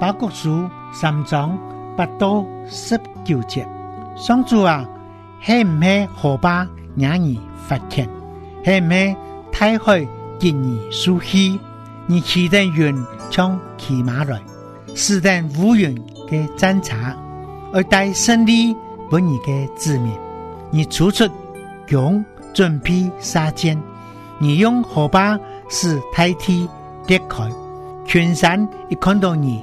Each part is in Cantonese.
哈巴谷書三章八到十九節，上主啊，希唔希火把讓你發天？希唔太大海給你舒氣？你騎得雲從騎馬來，是得無雲嘅戰車，而帶勝利本你嘅子民，你處處強準備殺劍，你用火把使梯踢跌開，群山一看到你。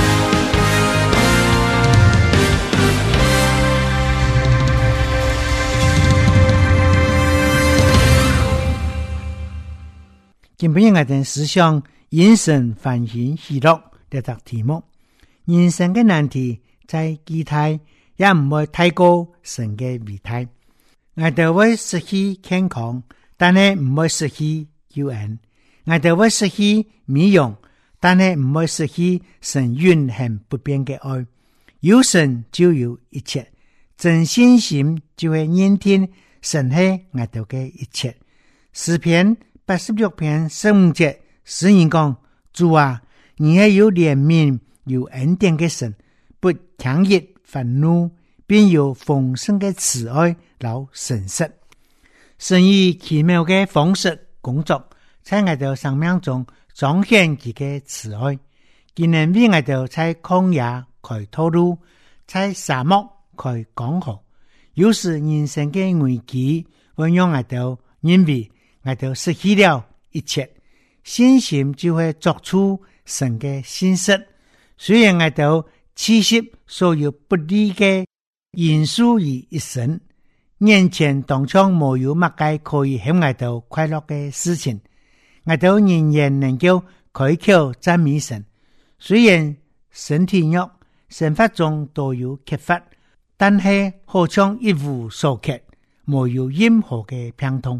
今天我們是想因神歡欣喜樂，這道題目。人生的難題在期待，也唔會太過神的美態。我哋會失去健康，但係唔會失去救恩；我哋會失去美容，但係唔會失去神永恒不變嘅愛。有神就有一切，真心信就會聆聽神喺我哋嘅一切。詩篇。十六篇十五節，詩人講，主啊，你也有憐憫、有恩典嘅神，不強烈憤怒，並有豐盛嘅慈愛和誠實，神以奇妙嘅方式工作，在我哋生命中彰顯自己慈愛。今日我哋在曠野開道路，在沙漠開江河，有時人生嘅危機，會讓我哋認為。我都失去了一切，心情就會作出神嘅心思。雖然我都刺激所有不利嘅因素於一身，眼前當中冇有乜嘢可以令我到快樂嘅事情，我都仍然能夠開口讚美神。雖然身體弱，生活中都有缺乏，但係好像一無所缺，冇有任何嘅病痛。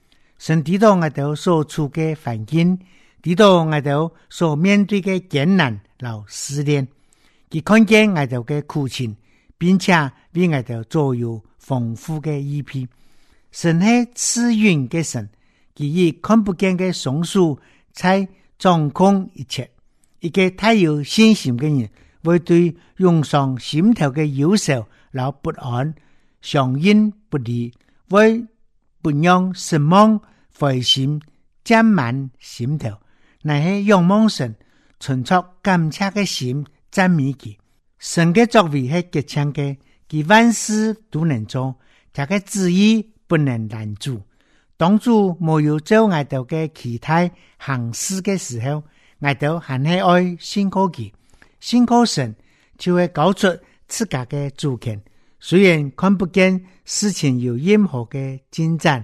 神抵擋外頭所處的環境，抵擋外頭所面對的艱難、老試煉。佢看見外頭的苦情，並且為外頭做有豐富的一篇。神係慈雲嘅神，佢以看不見嘅松樹，才掌控一切。一個太有信心嘅人，會對湧上心頭嘅憂愁、老不安，想因不利，會不讓神忙。背心沾滿心頭，那些仰望神、存着感切的心讚美佢。神的作為係極強嘅，佢萬事都能做，一個旨意不能攔住。當初沒有做挨到嘅其他行事的時候，挨到還是愛信靠佢，信靠神就會搞出自家的主權。雖然看不見事情有任何的進展。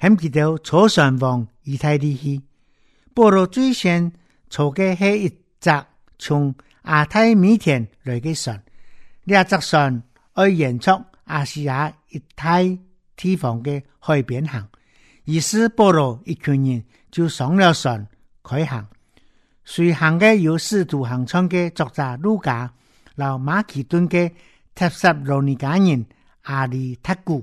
諗起到坐船往意大利去，保羅最先坐嘅係一隻從阿泰米田來嘅船。呢隻船會沿途亞細亞一帶地方嘅海邊行，於是保羅一群人就上了船開行。隨行嘅有使徒行傳嘅作家路加，老馬其頓嘅帖撒羅尼迦人阿里特古，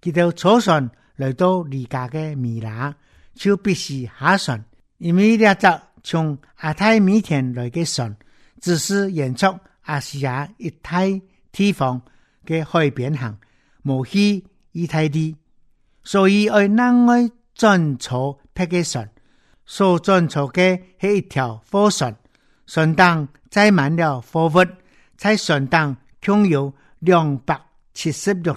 佢到坐船。來到離家嘅米蘭，就必須下船，因為要走從阿泰米田來嘅船，只是沿途亞西亞一帶地方嘅海邊行，無去意大利，所以我難愛轉坐呢個船，所轉坐嘅係一條貨船，船東載滿了貨物，喺船東共有兩百七十六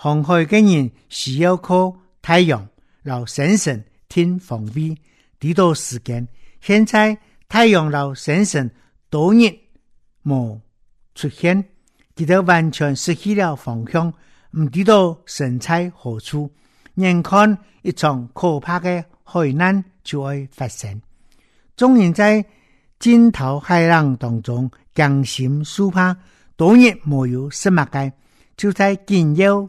航海嘅人需要靠太陽、老星星聽方位，知道時間。現在太陽、老星星多年冇出現，佢哋完全失去了方向，唔知道身在何處，眼看一場可怕嘅海難就會發生。眾人在驚濤駭浪當中驚心殊怕，多年冇有失物嘅，就在今朝。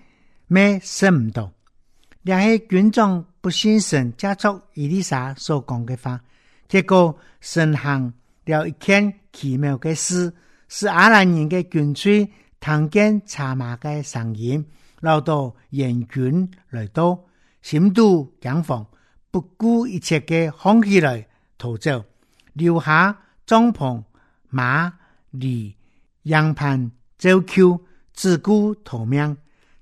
沒信唔到，兩位軍長不信神，家族伊麗莎所講嘅話，結果神行了一件奇妙嘅事，使阿蘭人嘅軍隊聽見車馬嘅聲音，老到援軍來到，心都驚慌，不顧一切嘅向起來逃走，留下帳篷、馬、驢、羊盤、周丘，自顧逃命。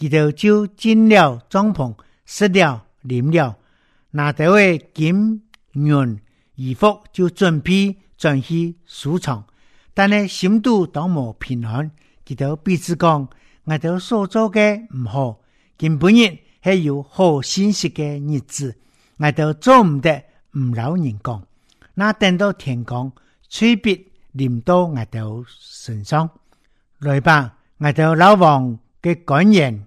佢哋就進了帳篷，食了、飲了，拿到金銀衣服就準備轉去收藏。但係心肚都冇平安，佢哋彼此講，我哋所做嘅唔好，今晡日係有好消息嘅日子，我哋做唔得唔擾人講。那等到天光，吹別淋到我哋身上。來吧，我哋老王嘅感言。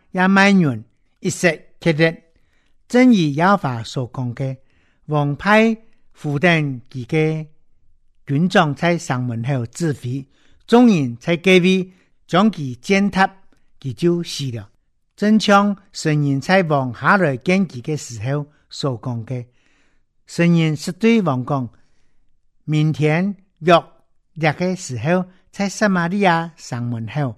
亞邁人一時氣急，正如亞法所講嘅，王派負擔自己，軍長在上門後自廢，眾人在街尾將其踐踏，佢就死了。正像聖人，在王下來見佢嘅時候所講嘅，聖人是對王講，明天約日嘅時候，在撒瑪利亞上門後。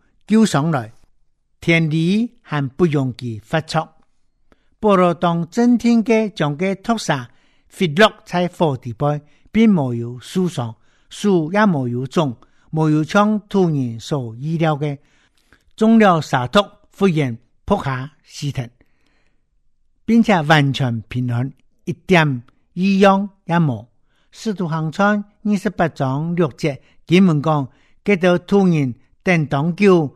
叫上來，田裏還不容易發出。保羅當整天嘅將嘅屠殺，肥落在火地碑，並冇有受傷，樹也沒有種，沒有像土人所預料的，種了沙土忽然撲下屍體，並且完全平衡，一點異樣也冇。《使徒行傳》二十八章六節，經文講：接到土人等當久。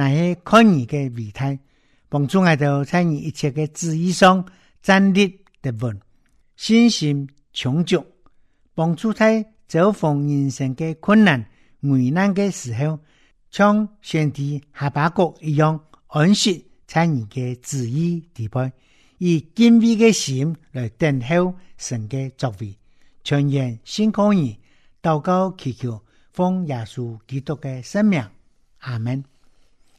那些困難嘅形態，幫助我哋喺你一切嘅旨意上站立得穩，信心充足，幫助在遭逢人生嘅困難、危難嘅時候，像先知哈巴谷一樣安息喺你嘅旨意地方，以堅毅嘅心嚟等候神嘅作為，全然信靠你，禱告祈求，奉耶穌基督嘅生命。阿門。